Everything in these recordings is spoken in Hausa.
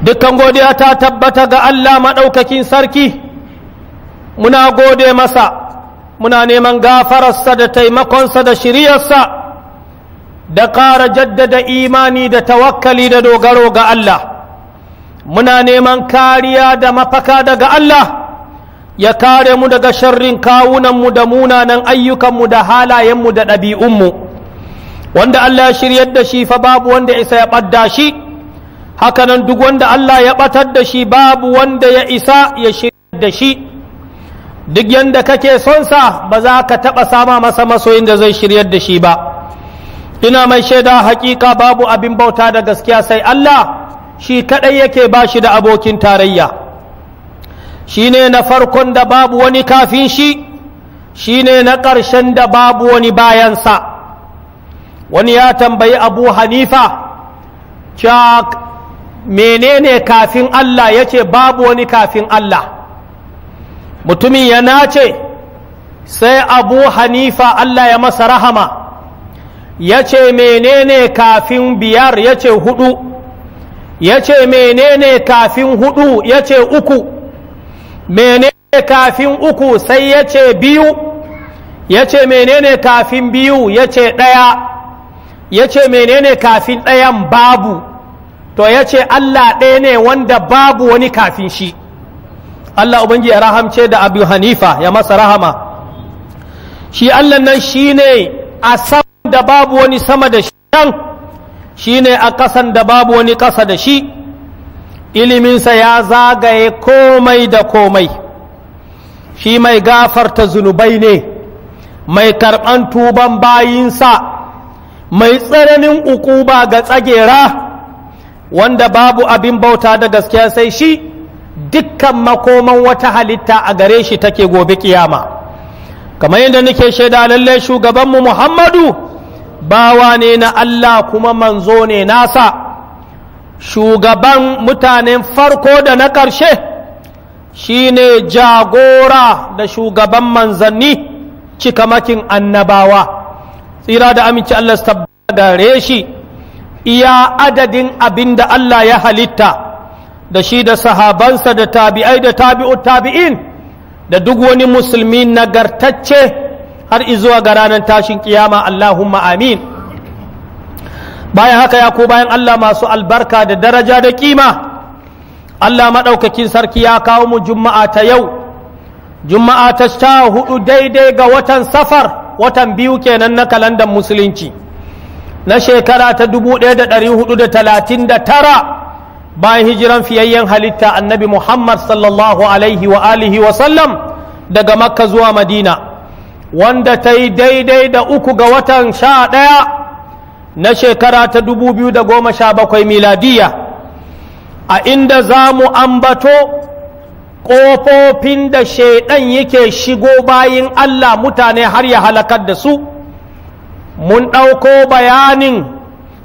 dukkan godiya ta tabbata ga Allah maɗaukakin sarki muna gode masa muna neman gafararsa da taimakonsa da shiriyarsa da ƙara jaddada imani da tawakkali da dogaro ga Allah muna neman kariya da mafaka daga Allah ya kare mu daga sharrin kawunanmu da munanan ayyukanmu da halayenmu da ɗabi'unmu wanda Allah ya shiryar da shi fa babu wanda isa ya ɓadda shi hakanan duk wanda Allah ya ɓatar da shi babu wanda ya isa ya shiryar da shi duk yanda kake son sa ba za ka taɓa sama masa masoyin da zai shiryar da shi ba ina mai shaida hakika babu abin bauta da gaskiya sai Allah shi kadai yake ba shi da abokin tarayya shi na farkon da babu wani kafin shi shi na ƙarshen da babu wani bayansa wani ya tambayi abu hanifa cewa menene kafin Allah ya ce babu wani kafin Allah mutumin ya nace sai abu hanifa Allah ya masa rahama ya ce menene kafin biyar ya ce hudu ya ce menene kafin hudu ya ce uku menene kafin uku sai ya ce biyu ya ce menene kafin biyu ya ce ɗaya ya ce menene kafin ɗayan babu to ya ce Allah ɗaya ne wanda babu wani kafin shi Allah ubangi ya rahamce da abu hanifa ya masa rahama shi Allah nan shi ne a da babu wani sama da shi nan, shi ne a ƙasan da babu wani ƙasa da shi iliminsa ya zagaye komai da komai shi mai gafarta zunubai ne mai karɓan tuban bayinsa mai tsananin ukuba ga tsagera wanda babu abin bauta da gaskiya sai shi dukkan makoman wata halitta a gare shi take gobe kiyama kamar yadda nake shaida lalle shugabanmu muhammadu bawa ne na Allah kuma manzo ne nasa shugaban mutanen farko da na ƙarshe shine jagora da shugaban manzanni cikamakin annabawa tsira da aminci Allah su gare shi iya adadin abin da Allah ya halitta da shi da sahabansa da tabi'ai da tabiu tabi'in da duk wani musulmi nagartacce har izuwa ga ranar tashin kiyama Allahumma amin bayan haka ya ku bayan Allah masu albarka da daraja da kima Allah maɗaukakin sarki ya kawo mu juma'a ta yau juma'a ta sha hudu daidai ga watan safar watan biyu kenan na kalandar musulunci na shekara ta 1439 bayan hijiran fiyayyen halitta annabi Muhammad sallallahu alaihi wa alihi wa sallam daga makka zuwa madina wanda ta yi daidai da uku ga watan sha ɗaya na shekara ta dubu biyu da goma sha bakwai miladiya a inda za mu ambato ƙofofin da shaiɗan yake shigo bayin Allah mutane har ya halakar da su mun ɗauko bayanin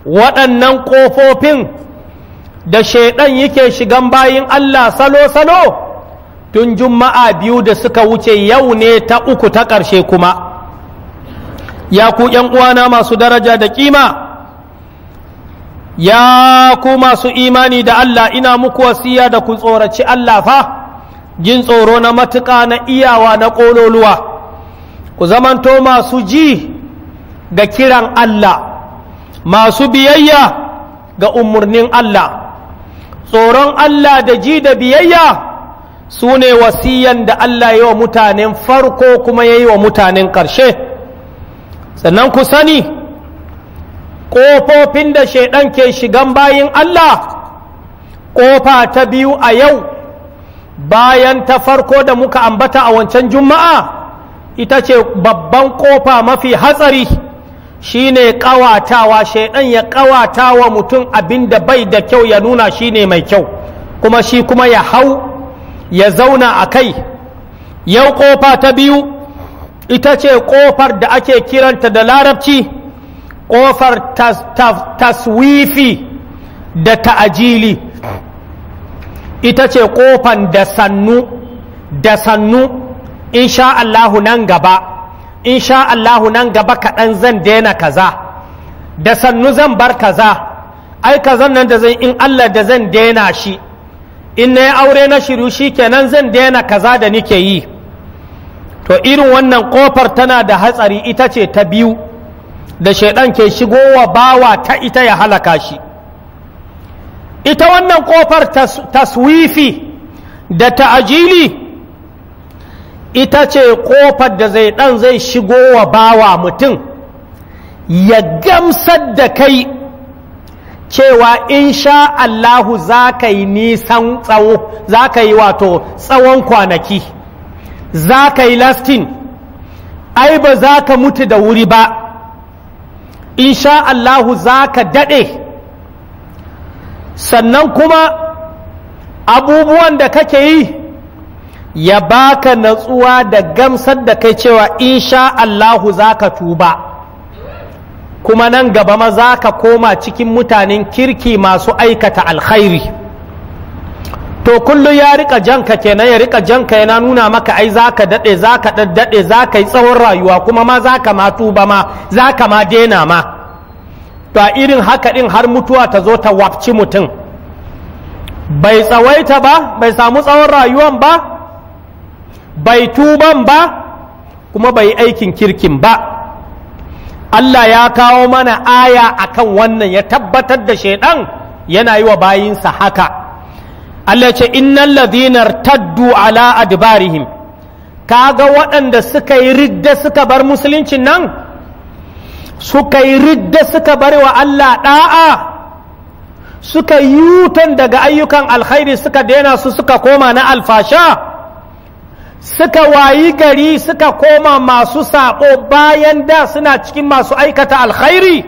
waɗannan ƙofofin da shaiɗan yake shigan bayin Allah salo-salo tun juma'a biyu da suka wuce yau ne ta uku ta ƙarshe kuma ya ku uwana masu daraja da kima ya ku masu imani da Allah ina muku wasiya da ku tsoraci Allah fa jin tsoro na matuƙa na iyawa na ƙololuwa ku zamanto masu ji ga kiran Allah masu biyayya ga umarnin Allah tsoron Allah da ji da biyayya su ne wasiyan da Allah ya wa mutanen farko kuma ya yi wa mutanen ƙarshe sannan ku sani ƙofofin da shaidan ke shigan bayin Allah ƙofa ta biyu a yau bayan ta farko da muka ambata a wancan juma'a ita ce babban ƙofa mafi hatsari shine ƙawatawa shaidan ya ƙawata wa mutum abin da bai da kyau ya nuna shine mai kyau kuma shi kuma ya hau ya zauna a kai yau ƙofa ta biyu ita ce ƙofar da ake kiranta da larabci ƙofar taswifi da ta'ajili ita ce ƙofan da sannu da sannu insha Allahu nan gaba insha Allahu nan gaba kaɗan zan daina kaza da sannu zan bar kaza ai kazan nan da zan in Allah da zan daina shi in na yi aure na shiru shi kenan zan daina kaza da nike yi to irin wannan kofar tana da hatsari ita ce ta biyu da shaidan ke shigo wa bawa ta ita ya halaka shi ita wannan kofar taswifi da ta'ajili ita ce kofar da zai dan zai shigowa bawa mutum ya gamsar da kai cewa in sha Allahu za ka yi nisan tsawo za ka yi wato tsawon kwanaki za ka yi lastin ai ba za ka mutu da wuri ba in Allahu za ka daɗe sannan kuma abubuwan da kake yi ya baka natsuwa da gamsar da kai cewa in Allahu za ka tuba kuma nan gaba ma za ka koma cikin mutanen kirki masu aikata alkhairi to kullum ya rika janka kenan ya rika janka yana nuna maka ai za ka daɗe za ka daɗe za ka yi tsawon rayuwa kuma ma za ka ma tuba ma za ka ma dena ma to a irin haka ɗin har mutuwa ta zo ta wafci mutum bai tsawaita ba bai samu tsawon rayuwan ba bai tuban ba kuma bai aikin kirkin ba Allah ya kawo mana aya akan wannan ya tabbatar da shaidan yana yi wa bayinsa haka Allah ce innal ladhina taddu ala adbarihim kaga waɗanda suka yi ridda suka bar musuluncin nan suka yi ridda suka bar wa Allah da'a suka yutan daga ayyukan alkhairi suka daina su suka koma na alfasha suka wayi gari suka koma masu sako bayan da suna cikin masu aikata alkhairi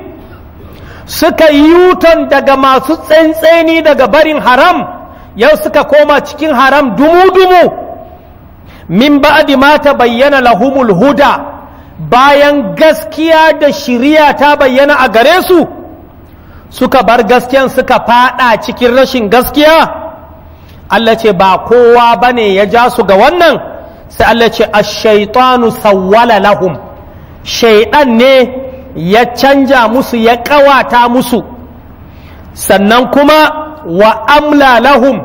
suka yi yuton daga masu tsantseni daga barin haram yau suka koma cikin haram dumu-dumu min ba'adi ma ta bayyana lahumul huda bayan gaskiya da shiriya ta bayyana a gare su suka bar gaskiyan suka fada cikin rashin gaskiya Allah ce ba kowa bane ya ja su ga wannan sai Allah ce a shaitanu sawwala lahum Shaiɗan ne ya canja musu ya kawata musu sannan kuma wa amla lahum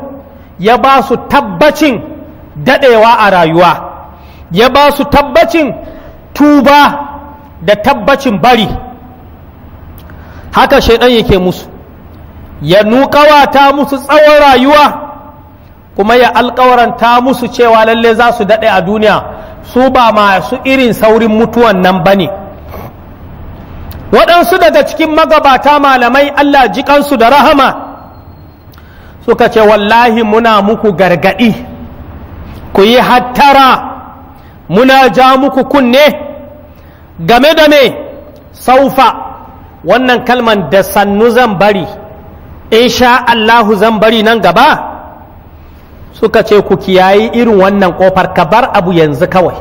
ya ba su tabbacin dadewa a rayuwa ya ba su tabbacin tuba da tabbacin bari haka shaidan yake musu ya nuƙawata musu tsawon rayuwa kuma ya alkawaranta musu cewa lalle za su daɗe a duniya su ba masu irin saurin mutuwan nan ba ne waɗansu daga cikin magabata malamai Allah jikansu da rahama suka ce wallahi muna muku gargaɗi ku yi hattara muna ja muku kunne game da me saufa wannan kalman da sannu zan bari in sha Allahu zan bari nan gaba suka ce ku kiyayi irin wannan kofar ka bar abu yanzu kawai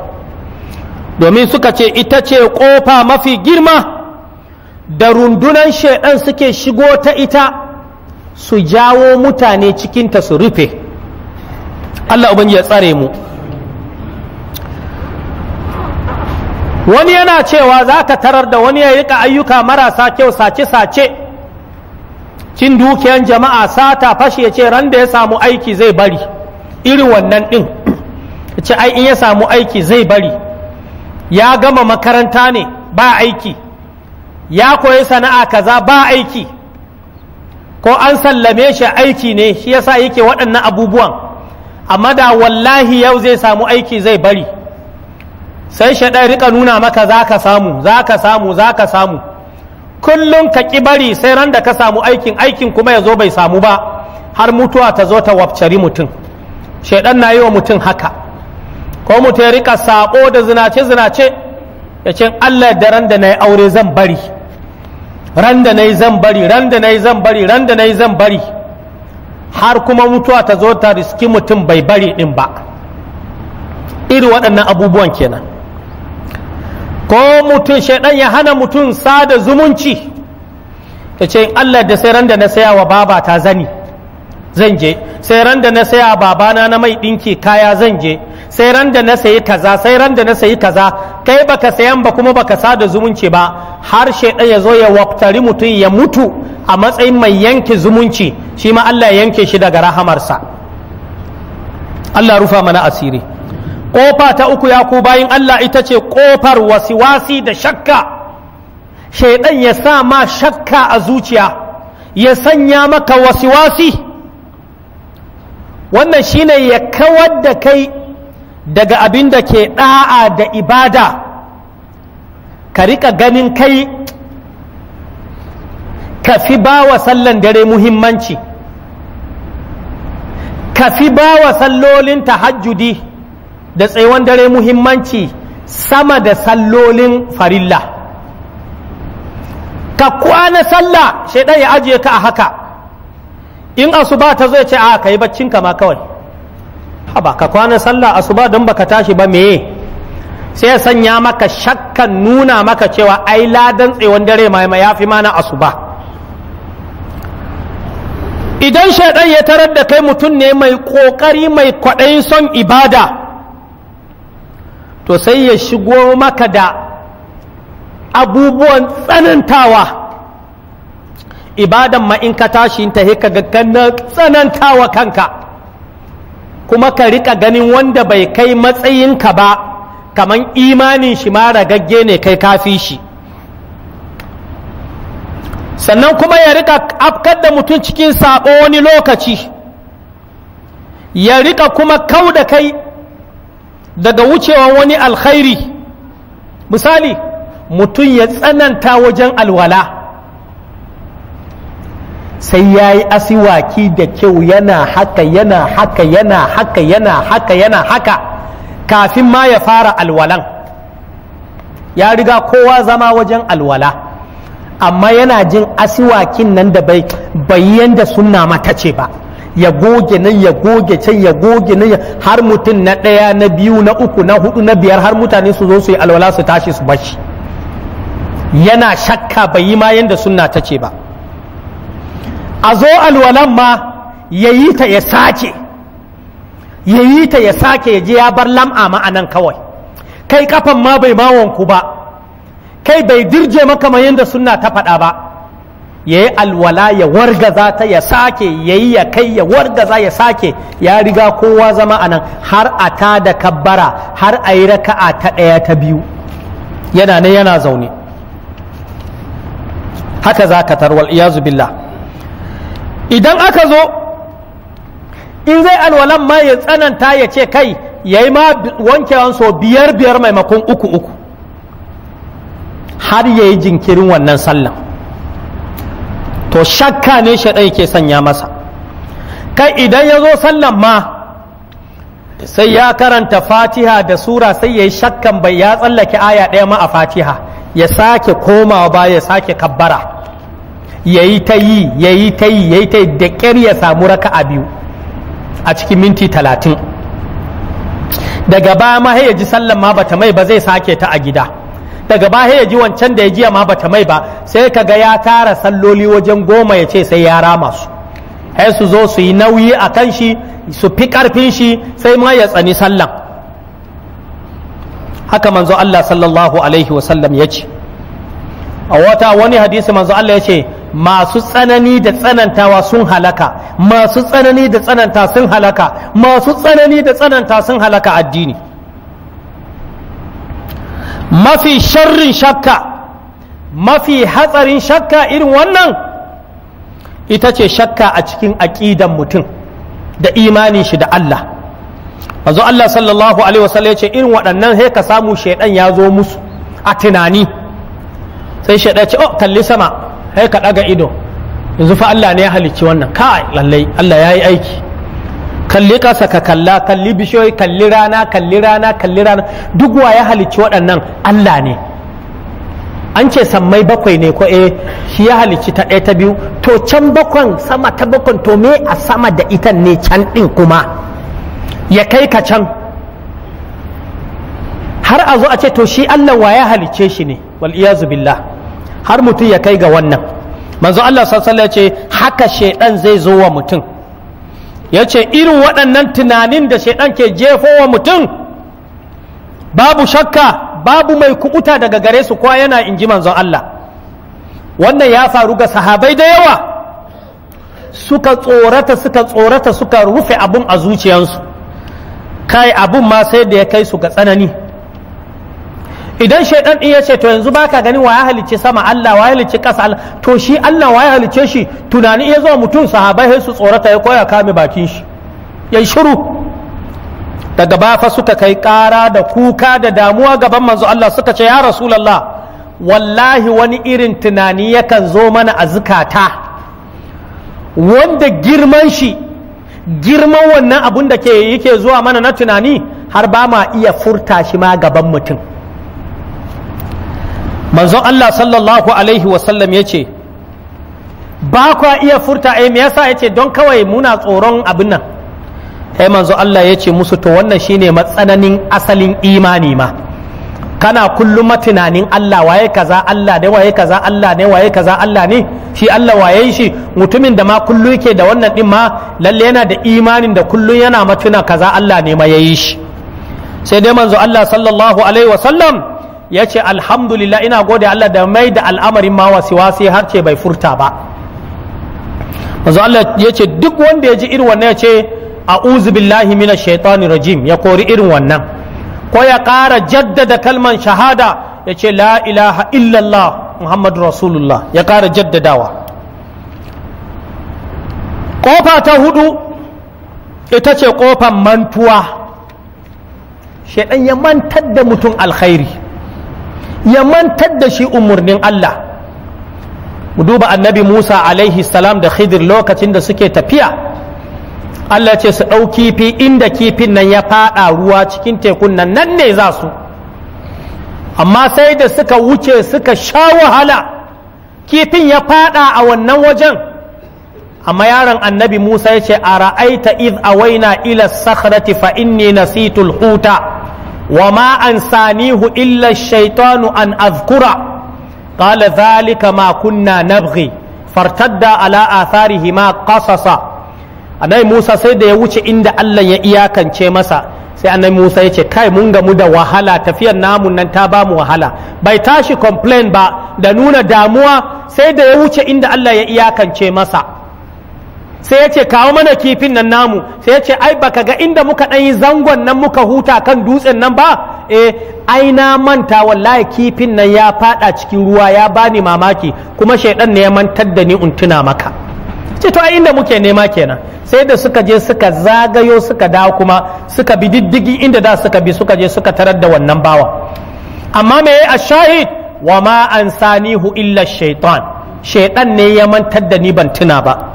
domin suka ce ita ce kofa mafi girma da rundunan shaidan suke shigo ta ita su jawo mutane cikinta su rufe Allah ubangi ya tsare mu wani yana cewa za ka tarar da wani ya rika ayyuka marasa kyau sace-sace cin dukiyan jama'a sata fashe ce ran da ya samu aiki zai bari irin wannan ɗin ce ai in ya samu aiki zai bari ya gama makaranta ne ba aiki ya koyi sana'a kaza ba aiki ko an sallame shi aiki ne shi yasa yake waɗannan abubuwan amma da wallahi yau zai samu aiki zai bari sai shaɗai rika nuna maka za ka samu za ka samu za ka samu kullum ka ƙi bari sai ran da ka samu aikin aikin kuma ya zo bai samu ba har mutuwa ta zo ta wabcari mutum shaidan na yi wa mutum haka ko mutum ya rika sako da zinace-zinace ya ce Allah da ran da na yi aure zan bari ran da na yi zan bari ran da na yi zan bari ran da na yi zan bari har kuma mutuwa ta zo ta riski mutum bai bari ɗin ba iri waɗannan abubuwan kenan ko mutum shaidan ya hana mutum sada zumunci ya ce Allah da sai ran da na sayawa babata baba ta zani zan je sai ran da na saya babana na mai ɗinki kaya zan je sai ran da na sayi kaza sai ran da na sayi kaza kai baka sayan ba kuma baka da zumunci ba har shaidan ya zo ya waftari mutum ya mutu a matsayin mai yanke zumunci shi ma Allah ya yanke shi daga rahamarsa Allah rufa mana asiri kofa ta uku ya ku bayin Allah ita ce kofar wasiwasi da shakka shaidan ya sa ma shakka a zuciya ya sanya maka wasiwasi wannan shine ya kawar da kai daga abin da ke ɗa'a da ibada ka riƙa ganin kai ka fi ba wa sallan dare muhimmanci ka fi ba wa sallolin tahajjudi da tsaiwan dare muhimmanci sama da sallolin farilla ka kwana sallah shaidan ya ajiye ka a haka in asuba ta zai ce a ka yi baccin ka ma kawai ba ka kwana sallah asuba don baka tashi ba meye sai ya sanya maka shakkan nuna maka cewa ai ladan tsewan dare ma ya fi mana asuba idan shaidan ya tarar da kai mutum ne mai kokari mai kwaɗayin son ibada to sai ya shigo maka da abubuwan tsanantawa ibadan ma in ka tashi ta ka ga tsananta wa kanka kuma ka rika ganin wanda bai kai matsayinka ba kamar imanin shi mara gagge ne kai kafi shi sannan kuma ya rika afkar da mutum cikin sabo wani lokaci ya rika kuma kau da kai daga wucewa wani alkhairi misali mutum ya tsananta wajen alwala sai ya yi asiwaki da kyau yana haka yana haka yana haka yana haka yana haka kafin ma ya fara alwalan ya riga kowa zama wajen alwala amma yana jin asiwakin nan da bai bayyan da sunna mata ce ba ya goge nan ya goge can ya goge nan har mutum na ɗaya na biyu na uku na hudu na biyar har mutane su zo su yi alwala su tashi su bashi yana shakka bai yi ma yanda sunna ta ce ba a zo alwalan ma ya yi ta ya sake ya yi ta ya sake ya je ya bar lam'a ma'anan kawai kai kafan ma bai mawonku ba kai bai dirje maka mai yadda sunna ta faɗa ba ya yi alwala ya wargaza ta ya sake ya yi ya kai ya wargaza ya sake ya riga kowa zama anan har a ta da kabbara har a yi raka'a ta ɗaya ta biyu yana ne yana zaune haka za ka tarwal iyazu billah idan aka zo in zai alwalan ma ya tsananta ya ce kai ya yi ma wankewan so biyar biyar maimakon uku uku har ya yi jinkirin wannan sallan to shakka ne shaɗai ke sanya masa kai idan ya zo sallan ma sai ya karanta fatiha da sura sai ya yi shakkan bai ya tsallake aya ɗaya ma a fatiha ya sake komawa ba ya sake kabbara yayi ta yi yayi ta yi yayi ta yi da ƙyar ya samu raka a biyu a cikin minti talatin daga baya ma ya ji sallan ma bata mai ba zai sake ta a gida daga baya ya ji wancan da ya jiya ma bata mai ba sai ka ga ya tara salloli wajen goma ya ce sai ya rama su sai su zo su yi nauyi a kan shi su fi karfin shi sai ma ya tsani sallan haka manzo Allah sallallahu alaihi wasallam ya ce a wata wani hadisi manzo Allah ya ce masu tsanani da tsanantawa sun halaka masu tsanani da tsananta sun halaka masu tsanani da tsananta sun halaka addini mafi sharrin shakka mafi hatsarin shakka irin wannan ita ce shakka a cikin aƙidan mutum da imani shi da Allah manzo Allah sallallahu alaihi wasallam ya ce irin waɗannan sai ka samu shaidan ya zo musu a tunani sai shaɗa ce oh kalli sama hai ka ɗaga ido yanzu fa Allah ne ya halicci wannan kai lallai Allah ya yi aiki kalli ƙasa ka kalla kalli bishiyoyi kalli rana kalli rana kalli rana duk wa ya halicci waɗannan Allah ne an ce sammai bakwai ne ko eh shi ya halicci ta ɗaya ta biyu to can bakwan sama ta bakwan to me a sama da ita ne can ɗin kuma ya kai ka can har a zo a ce to shi Allah wa ya halicce shi ne wal billah har mutum ya kai ga wannan manzo Allah sallallahu ce haka shaidan zai zo wa mutum ya ce irin waɗannan tunanin da shaidan ke jefo wa mutum babu shakka babu mai kubuta daga gare su kuwa yana in ji Allah wannan ya faru ga sahabai da yawa suka tsorata suka tsorata suka rufe abun a zuciyansu kai abun ma sai da ya kai su ga tsanani idan shaidan din ya ce to yanzu baka gani wa ya halicce sama Allah wa ya halicce ƙasa Allah to shi Allah wa ya halicce shi tunani ya zuwa mutum sahabai sai su tsorata ya koya kame bakin shi ya shiru daga bafa suka kai ƙara da kuka da damuwa gaban manzo Allah suka ce ya rasulullah wallahi wani irin tunani yakan zo mana a zukata wanda girman shi girman wannan abun da ke yake zuwa mana na tunani har ba ma iya furta shi ma gaban mutum manzon Allah sallallahu alaihi wasallam ya ce ba kwa iya furta ai eh, me yasa ya ce don kawai muna tsoron abin nan ai eh, manzon Allah ya ce musu to wannan shine matsananin asalin imani ma kana kullum matunanin Allah waye kaza Allah ne waye kaza Allah ne waye kaza Allah ne shi Allah waye shi mutumin da ma kullu yake da wannan din ma lalle yana da imanin da kullum yana matuna kaza Allah ne ma yayi shi sai dai manzo Allah sallallahu alaihi wasallam ya ce alhamdulillah ina gode Allah da mai da al'amarin ma wasiwasi har ce bai furta ba manzo Allah ya ce duk wanda ya ji irin wannan ya ce a'udhu billahi minash shaitani rajim ya kori irin wannan ko ya ƙara jaddada kalman shahada ya ce la ilaha illallah muhammadu rasulullah ya ƙara jaddadawa ƙofa ta hudu ita ce ƙofan mantuwa shaidan ya mantar da mutum alkhairi ya mantar da shi umarnin Allah mu duba annabi Musa alaihi salam da Khidir lokacin da suke tafiya Allah ce su ɗau kifi inda kifin nan ya faɗa ruwa cikin tekun nan nan ne za su amma sai da suka wuce suka sha wahala kifin ya faɗa a wannan wajen amma yaron annabi Musa ya ce a ra'aita iz awaina ila sakhrati fa inni nasitul huta wa ma ansanihu illa shaitanu an azkura قال ذلك ما كنا نبغي فارتد على آثارهما قصصا annabi Musa sai da ya wuce inda Allah ya iyakance masa sai annabi Musa ya ce kai mun gamu da wahala tafiyar namun nan ta bamu wahala bai tashi complain ba da nuna damuwa sai da ya wuce inda Allah ya iyakance masa sai ya ce kawo mana kifin nan namu sai ya ce ai baka ga inda muka ɗanyi zangon nan muka huta kan dutsen nan ba eh ai na manta wallahi kifin nan ya fada cikin ruwa ya bani mamaki kuma shaidan ne ya mantar da ni in maka ce to ai inda muke nema kenan sai da suka je suka zagayo suka dawo kuma suka bi diddigi inda da suka bi suka je suka tarar da wannan bawa amma me a shahid wa ma ansanihu illa shaitan shaidan ne ya mantar da ni ban tuna ba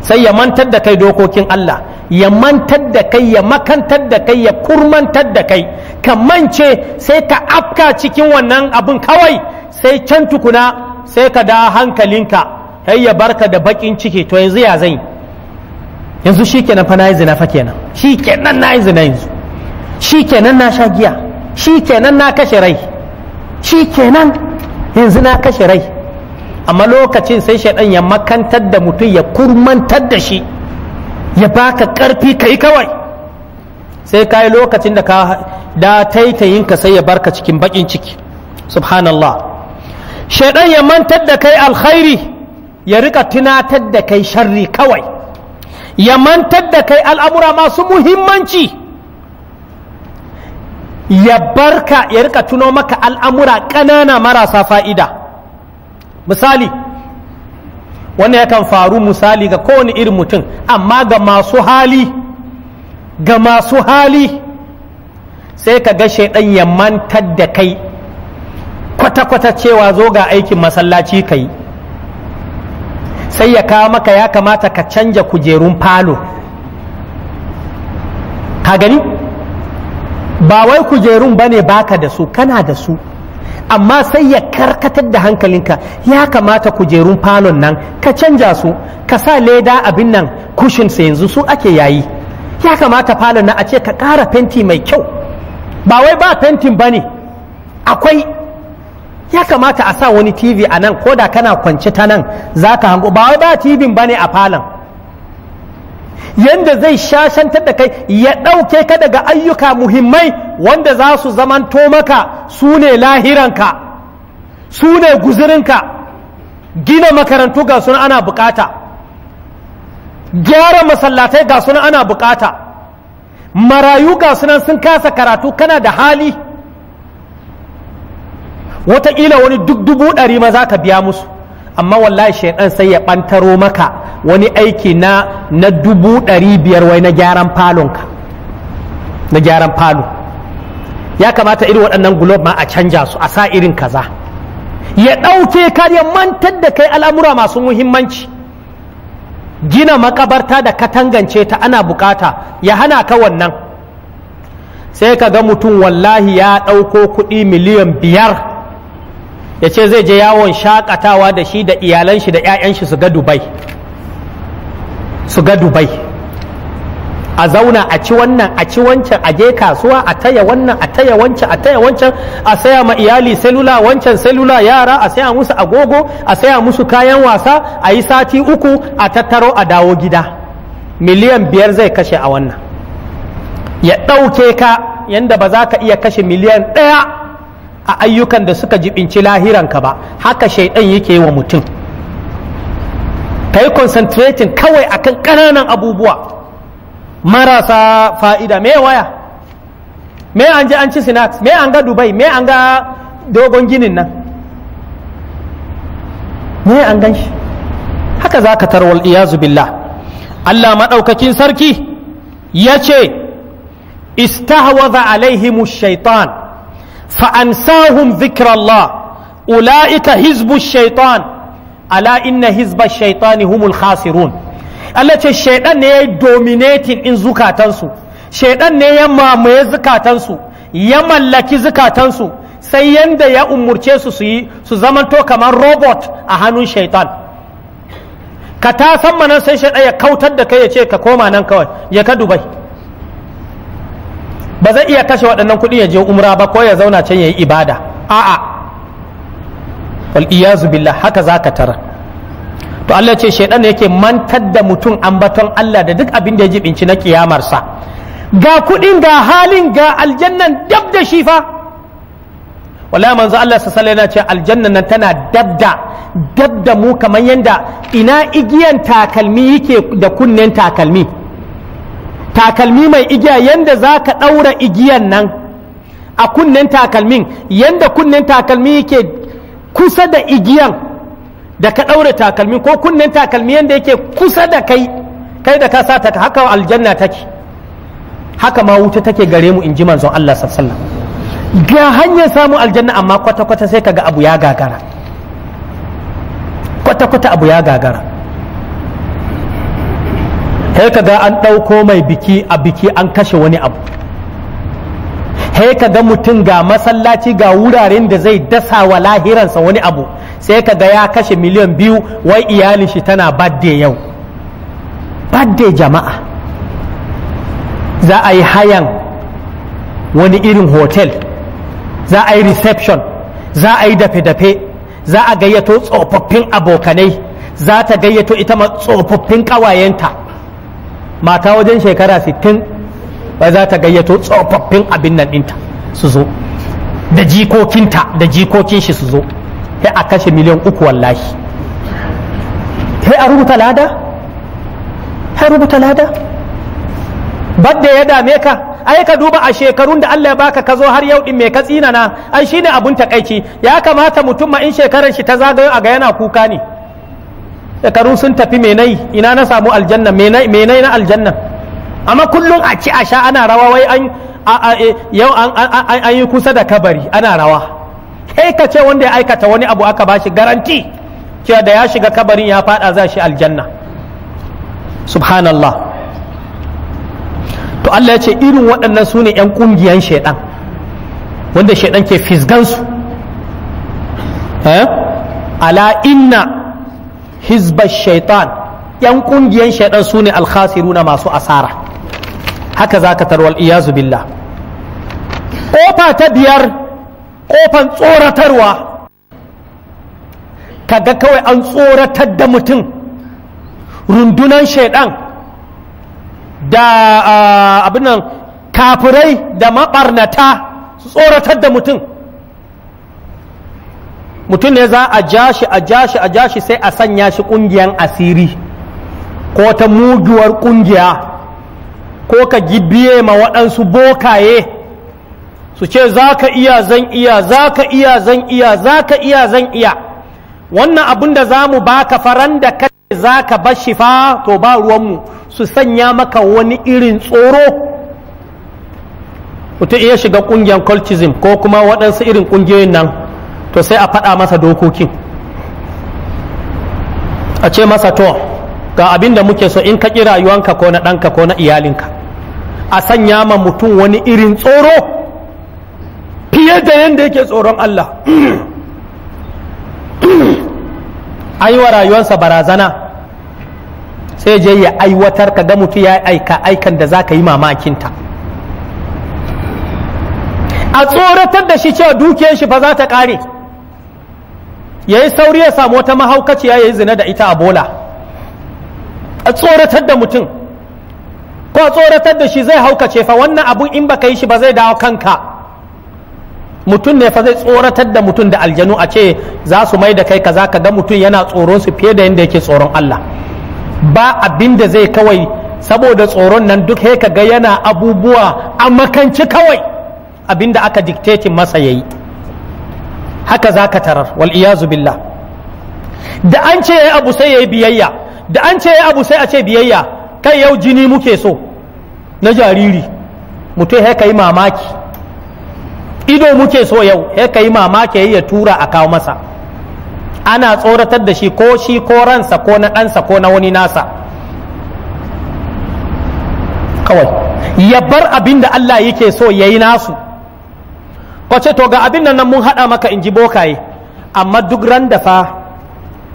sai ya mantar da kai dokokin Allah ya mantar da kai ya makantar da kai ya kurmantar da kai ka mance sai ka afka cikin wannan abin kawai sai can tukuna sai ka da hankalinka sai ya barka da bakin ciki to yanzu ya zai yanzu shikenan fa na yi zina fa kenan shikenan na yi zina yanzu shikenan na sha giya shikenan na kashe rai shikenan yanzu na kashe rai amma lokacin sai shaidan ya makantar da mutum ya kurmantar da shi ya baka karfi kai kawai sai ka yi lokacin da ka da ka sai ya barka cikin bakin ciki subhanallah shaidan ya mantar da kai alkhairi ya rika tunatar da kai sharri kawai ya mantar da kai al'amura masu muhimmanci ya barka ya rika tuno maka al'amura ƙanana marasa fa'ida misali wannan yakan faru misali ga kowane irin mutum amma ga masu hali ga masu hali sai ka ga shaidan ya mantar da kai kwata-kwata cewa zo ga aikin masallaci ka yi sai ya kawo maka ya kamata ka canja kujerun falo ka gani ba wai kujerun ba ne baka da su kana da su amma sai ya karkatar da hankalinka ya kamata kujerun falon nan ka canja su ka sa leda abin nan kushin sa yanzu su ake yayi ya kamata falon nan a ce ka ƙara fenti mai kyau ba wai ba fentin ba ne akwai ya kamata a sa wani tv a nan ko da kana kwance ta nan za ka hango ba wai ba tv ba ne a falon yanda zai shashantar da kai ya ɗauke ka daga ayyuka muhimmai wanda za su zamanto maka su ne lahiranka su ne guzurinka gina makarantu ga suna ana bukata gyara masallatai ga suna ana bukata marayu ga suna sun kasa karatu kana da hali wataƙila wani duk dubu ɗari ma za ka biya musu amma wallahi shaidan sai ya ɓantaro maka wani aiki na na dubu ɗari biyar wai na gyaran falonka na gyaran falo ya kamata irin waɗannan gulob ma a canja su a sa irin kaza ya ɗauke kar mantar da kai al'amura masu muhimmanci gina makabarta da katangance ta ana bukata ya hana ka wannan sai ka ga mutum wallahi ya ɗauko kuɗi miliyan biyar ya ce zai je yawon shakatawa da shi da iyalanshi, da 'ya'yan shi su ga dubai su ga dubai a zauna a ci wannan a ci wancan a je kasuwa a taya wannan a taya wancan a taya wancan a saya ma iyali selula wancan selula yara a saya musu agogo a saya musu kayan wasa a yi sati uku a tattaro a dawo gida miliyan biyar zai kashe a wannan ya ɗauke ka yadda ba za ka iya kashe miliyan ɗaya a ayyukan da suka jibinci lahiranka ba haka shaidan yake wa mutum ka yi concentrating kawai akan ƙananan abubuwa marasa fa'ida me waya me an je an ci snacks me an ga dubai me an ga dogon ginin nan me an gan shi haka za ka tarwal iyazu billah allah maɗaukakin sarki ya ce istahwaza alaihimu shaitan fa'ansahun zikrallah ula'ika hizbu shaitan ala inna hizba shaitani humul khasirun Allah ce shaidan ne ya yi dominating in zukatansu shaidan ne ya mamaye zukatansu ya mallaki zukatansu sai yanda ya umurce su su yi su zamanto kamar robot a hannun shaitan ka ta san manan sai shaitan ya kautar da kai ya ce ka koma nan kawai ya ka dubai ba zai iya kashe waɗannan kuɗi ya je umra ba ko ya zauna can ya yi ibada a'a wal billah haka zaka tara to Allah ce shaidan yake mantar da mutum ambaton Allah da duk abin da ya jibinci na kiyamarsa ga kudin ga halin ga aljannan dab da shi fa wallahi manzo Allah sa sallai yana ce aljannan nan tana dabda dabda mu kamar yanda ina igiyan takalmi yake da kunnen takalmi takalmi mai igiya yanda za ka ɗaura igiyan nan a kunnen takalmin yanda kunnen takalmi yake kusa da igiyan da ka ɗaure takalmi ko kunnen takalmi yadda yake kusa da kai kai da ka sa ta haka aljanna take haka ma wuta take gare mu in ji manzon Allah sallallahu ga hanyar samun aljanna amma kwata-kwata sai kaga abu ya gagara kwata-kwata abu ya gagara sai kaga an ɗauko mai biki a biki an kashe wani abu sai ka ga mutum ga masallaci ga wuraren da zai dasa wa lahiransa wani abu sai ka ga ya kashe miliyan biyu wai iyalin shi tana badde yau badde jama'a za a yi hayan wani irin hotel za a yi reception za a yi dafe-dafe za a gayyato tsofaffin abokanai za ta gayyato ita ma tsofaffin kawayenta mata wajen shekara sittin. ba za ta gayyato tsofaffin abin nan ɗinta su zo da jikokinta da jikokin shi su zo sai a kashe miliyan uku wallahi sai a rubuta lada sai rubuta lada badda ya dame ka ai ka duba a shekarun da Allah ya baka ka zo har yau din mai ka tsinana ai shine abun takaici ya kamata mutum ma in shekarar shi ta zagayo a ga yana kuka ne shekaru sun tafi menai ina na samu aljanna menai menai na aljanna amma kullum a ci a sha ana rawa wai an e, yau an yi kusa da kabari ana rawa kai ka ce wanda ya aikata wani abu aka bashi garanti cewa da ya shiga kabarin ya fada za shi aljanna subhanallah to Allah ya ce irin waɗannan su ne 'yan ƙungiyar shaidan wanda shaidan ke fisgansu eh? ala inna hizbar shaitan 'yan ƙungiyar shaidan su ne alkhasiruna masu asara haka za ka tarwal iyazu billah ƙofa ta biyar ƙofan tsoratarwa ga kawai an tsoratar da mutum rundunan shaidan da abinan kafirai da maɓarnata su tsoratar da mutum mutum ne za a jashi a jashi a jashi sai a sanya shi ƙungiyar asiri ko ta muguwar ƙungiya ko ka gibiye ma waɗansu bokaye su ce za ka iya zan iya za ka iya zan iya za ka iya zan iya wannan abin da za mu baka faran da ka za ka bashi fa to ba ruwanmu su sanya maka wani irin tsoro mutum iya shiga ƙungiyar cultism ko kuma waɗansu irin ƙungiyoyin nan to sai a faɗa masa dokokin a ce masa to ga abin da muke so in ka ƙi rayuwanka ko na ɗanka ko na iyalinka a sanya ma mutum wani irin tsoro fiye da yadda yake tsoron Allah an wa rayuwarsa barazana sai je ya aiwatar ka ga mutum ya aika aikan da za ka yi mamakinta a tsoratar da shi cewa dukiyar shi fa za ta ƙare ya yi sauri ya samu wata mahaukaciya ya yi zina da ita a bola a tsoratar da mutum ko tsoratar da shi zai haukace fa wannan abun in baka yi shi ba zai dawo kanka mutum ne fa zai tsoratar da mutum da aljanu a ce za su mai da kai kaza ka ga mutum yana tsoron su fiye da yadda yake tsoron Allah ba abin da zai kawai saboda tsoron nan duk he ka ga yana abubuwa a makanci kawai abin da aka diktetin masa yayi haka za ka tarar wal iyazu billah da an ce ya biyayya da an ce abu sai a ce biyayya kai yau jini muke so na jariri mutum ya yi mamaki ido muke so yau ya yi mamaki ya tura a kawo masa ana tsoratar da shi ko shi ko ransa ko na ɗansa ko na wani nasa kawai ya bar abin da Allah yake so ya yi nasu kwace to ga abin nan mun haɗa maka in ji bokaye amma duk ran da fa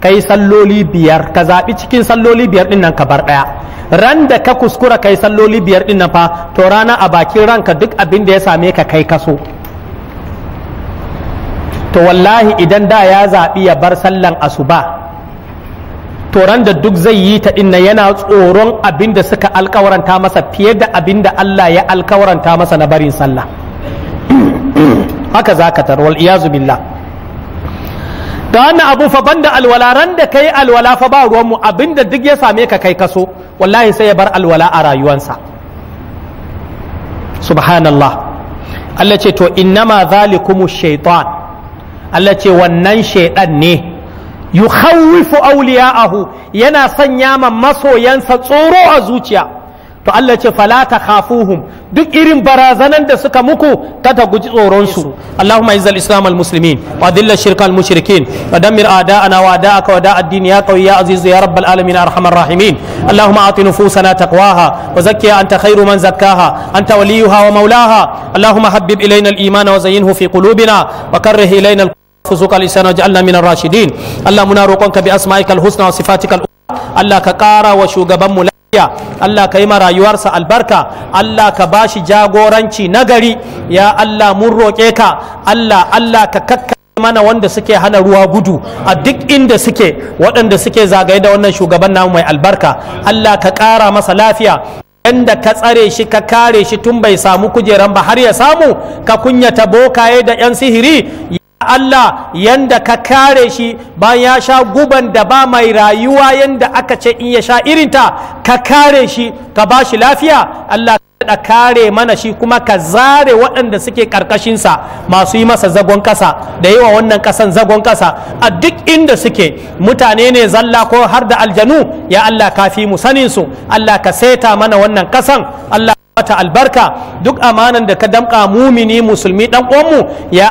kai salloli biyar ka zaɓi cikin salloli biyar ɗin nan ka bar ɗaya ran da ka kuskura kai salloli biyar ɗin nan fa to rana a bakin ranka duk abin da ya same ka kai kaso to wallahi idan da ya zaɓi ya bar sallan asuba to ran da duk zai yi ta ɗin yana tsoron abin da suka alkawaranta masa fiye da abin da Allah ya alkawaranta masa na barin sallah haka za tarwal iyazu billah da wannan abu fa banda alwala ran da kai alwala fa ba ruwan mu abinda duk ya same ka kai kaso wallahi sai ya bar alwala a rayuwansa subhanallah Allah ce to innama zalikumu shaitan Allah ce wannan shaitan ne yukhawwifu awliya'ahu yana sanya ma masoyansa tsoro a zuciya to Allah ce fala takhafuhum duk irin barazanan da suka muku kada guji tsoron su Allahumma izzal islam al muslimin wa dhilla shirka al mushrikin wa dammir a'da'ana wa da'aka wa da'a ad-din ya qawi ya aziz ya rabbal alamin arhamar rahimin Allahumma ati nufusana taqwaha wa zakkiha anta khairu man zakkaha anta waliyuha wa mawlaha Allahumma habbib ilayna al iman wa zayyinhu fi qulubina wa karrih ilayna al fusuqa lisana waj'alna min ar-rashidin Allah muna bi asma'ikal husna wa sifatikal Allah ka kara wa shugabanmu lafiya Allah ka yi ma rayuwarsa albarka Allah ka bashi jagoranci nagari ya Allah mun roƙe ka Allah Allah ka kakka mana wanda suke hana ruwa gudu a duk inda suke waɗanda suke zagaye da wannan shugaban namu mai albarka Allah ka ƙara masa lafiya yanda ka tsare shi ka kare shi tun bai samu kujeran ba har ya samu ka kunyata bokaye da 'yan sihiri Allah yanda ka kare shi bayan ya sha guban da ba mai rayuwa yanda aka ce in ya sha irin ta ka kare shi ka ba shi lafiya Allah da kare mana shi kuma ka zare waɗanda suke ƙarƙashinsa masu yi masa zagon ƙasa da yawa wannan ƙasan zagon ƙasa a duk inda suke mutane ne zalla ko har da aljanu ya Allah ka fi mu saninsu. Allah ka saita mana wannan ƙasan Allah mata albarka duk amanan da ka damƙa mumini musulmi ɗan uwanmu ya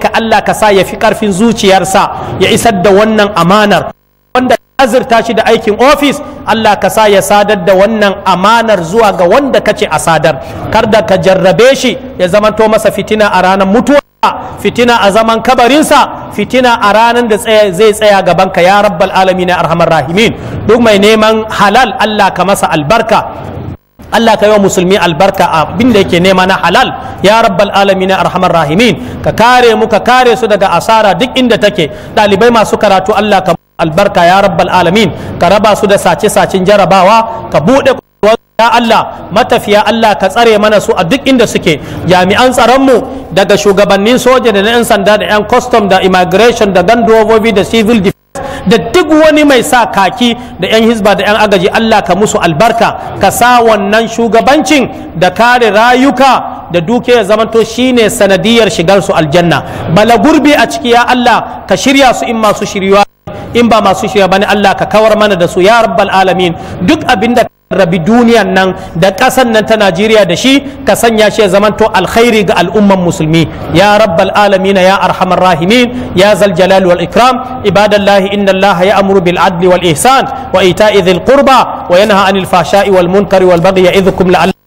ka Allah ka sa ya fi ƙarfin zuciyarsa ya isar da wannan amanar wanda azurta shi da aikin ofis Allah ka sa ya sadar da wannan amanar zuwa ga wanda kace a sadar kar da ka jarrabe shi ya zamanto masa fitina a ranar mutuwa fitina a zaman kabarinsa fitina a ranar da zai tsaya ka ya rabbal alamin arhamar rahimin duk mai neman halal Allah ka masa albarka Allah ka yi wa musulmi albarka a binda yake nema na halal ya rabbal alamin arhamar rahimin ka kare mu ka kare su daga asara duk inda take ɗalibai masu karatu Allah ka albarka ya rabbal alamin ka raba su da sace-sacen jarabawa ka buɗe ya Allah matafiya Allah ka tsare mana su a duk inda suke jami'an tsaronmu daga shugabannin soja da na 'yan sanda da 'yan custom da immigration da gandovobi da civil defense da duk wani mai sa kaki da 'yan hizba da 'yan agaji Allah ka musu albarka ka sa wannan shugabancin da kare rayuka da duke ya zamanto shine sanadiyar shigar su aljanna bala gurbi a ciki ya Allah ka shirya su in masu shiryuwa in ba masu shirya bane Allah ka kawar mana da su ya rabbal alamin duk abinda rabi duniyan nan da ƙasan nan ta Najeriya da shi ka sanya shi ya zamanto alkhairi ga al'umman musulmi ya rabbal alamin ya arhamar rahimin ya zal jalal wal ikram ibadallahi inna Allah ya'muru bil adli wal ihsan wa ita'i dhil qurba wa yanha anil fahsha'i wal munkari wal baghi ya'idhukum la'allakum